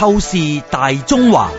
透視大中華，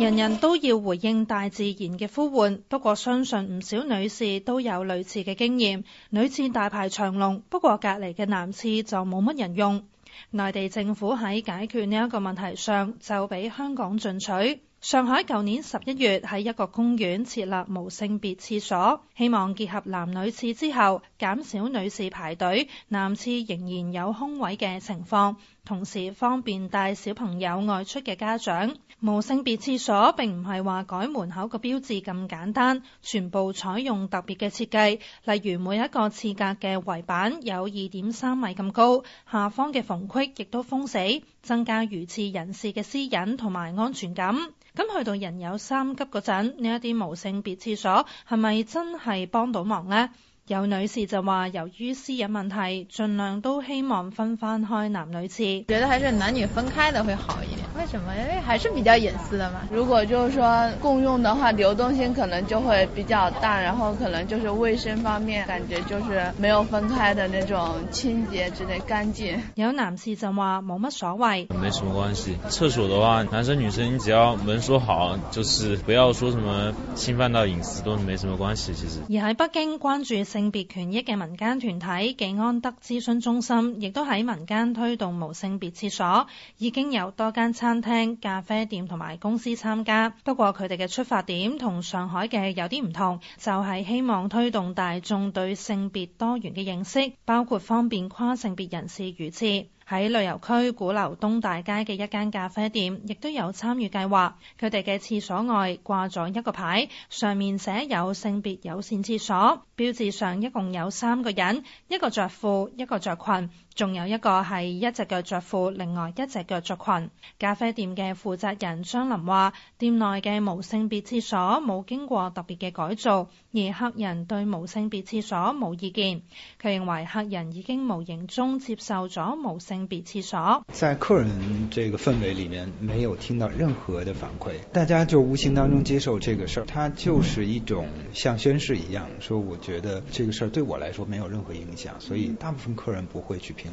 人人都要回應大自然嘅呼喚。不過相信唔少女士都有類似嘅經驗，女廁大排長龍，不過隔籬嘅男廁就冇乜人用。內地政府喺解決呢一個問題上，就比香港進取。上海舊年十一月喺一個公園設立無性別廁所，希望結合男女廁之後，減少女士排隊，男廁仍然有空位嘅情況。同時方便帶小朋友外出嘅家長，無性別廁所並唔係話改門口個標誌咁簡單，全部採用特別嘅設計，例如每一個廁格嘅圍板有二點三米咁高，下方嘅縫隙亦都封死，增加如廁人士嘅私隱同埋安全感。咁去到人有三急嗰陣，呢一啲無性別廁所係咪真係幫到忙呢？有女士就話，由於私隱問題，盡量都希望分翻開男女廁。覺得還是男女分開的會好一點。為什麼？因為還是比較隱私的嘛。如果就是說共用的話，流動性可能就會比較大，然後可能就是衛生方面，感覺就是沒有分開的那種清潔之類乾淨。有男士就話冇乜所謂，沒什麼關係。廁所的話，男生女生你只要門鎖好，就是不要說什麼侵犯到隱私，都沒什麼關係其實。而喺北京關注。性別權益嘅民間團體紀安德諮詢中心，亦都喺民間推動無性別廁所，已經有多間餐廳、咖啡店同埋公司參加。不過佢哋嘅出發點同上海嘅有啲唔同，就係希望推動大眾對性別多元嘅認識，包括方便跨性別人士如廁。喺旅遊區鼓樓東大街嘅一間咖啡店，亦都有參與計劃。佢哋嘅廁所外掛咗一個牌，上面寫有性別友善廁所。標誌上一共有三個人，一個著褲，一個著裙。仲有一個係一隻腳着褲，另外一隻腳着裙。咖啡店嘅負責人張林話：店內嘅無性別廁所冇經過特別嘅改造，而客人對無性別廁所冇意見。佢認為客人已經無形中接受咗無性別廁所。在客人這個氛圍裏面，沒有聽到任何的反饋，大家就無形當中接受這個事，它就是一種像宣誓一樣，說我覺得這個事對我來說沒有任何影響，所以大部分客人不會去評。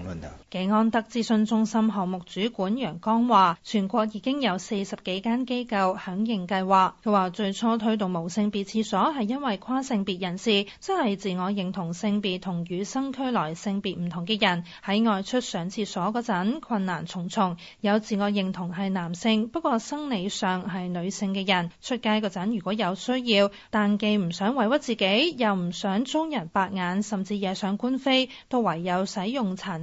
紀安德諮詢中心項目主管楊剛話，全國已經有四十幾間機構響應計劃。佢話最初推動無性別廁所係因為跨性別人士，即係自我認同性別同與生俱來性別唔同嘅人，喺外出上廁所嗰陣困難重重。有自我認同係男性不過生理上係女性嘅人，出街嗰陣如果有需要，但既唔想委屈自己，又唔想遭人白眼，甚至惹上官非，都唯有使用殘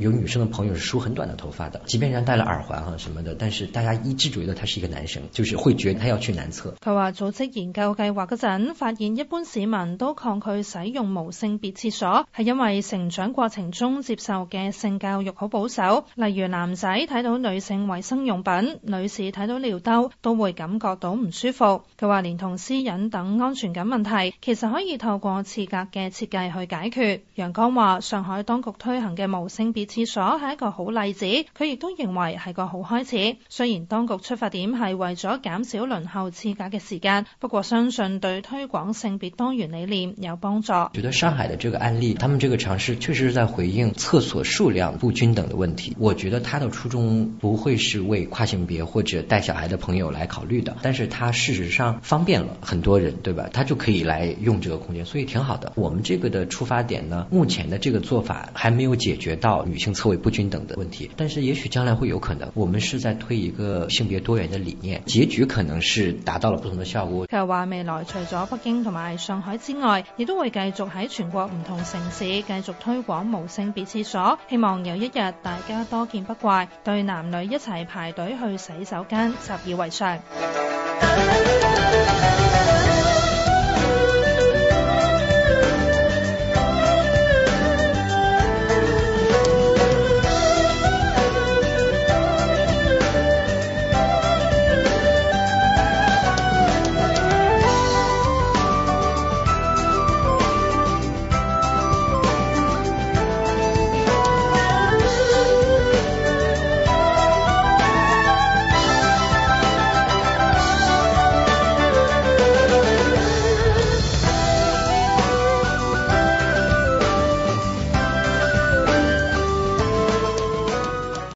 有女生的朋友是梳很短的頭髮的，即便人戴了耳環啊什麼的，但是大家一直覺得他是一個男生，就是會覺得他要去男廁。佢話組織研究計劃嗰陣，發現一般市民都抗拒使用無性別廁所，係因為成長過程中接受嘅性教育好保守，例如男仔睇到女性衛生用品，女士睇到尿兜都會感覺到唔舒服。佢話連同私隱等安全感問題，其實可以透過廁格嘅設計去解決。楊剛話上海當局推行嘅無性性別廁所係一個好例子，佢亦都認為係個好開始。雖然當局出發點係為咗減少輪候廁格嘅時間，不過相信對推廣性別多元理念有幫助。覺得上海的這個案例，他們這個嘗試確實是在回應廁所數量不均等的問題。我覺得他的初衷不會是為跨性別或者帶小孩的朋友來考慮的，但是他事實上方便了很多人，對吧？他就可以來用這個空間，所以挺好的。我們這個的出發點呢，目前的這個做法還沒有解決到。到女性廁位不均等的問題，但是也許將來會有可能，我們是在推一個性別多元的理念，結局可能是達到了不同的效果。佢又話，未來除咗北京同埋上海之外，亦都會繼續喺全國唔同城市繼續推廣無性別廁所，希望有一日大家多見不怪，對男女一齊排隊去洗手間習以為常。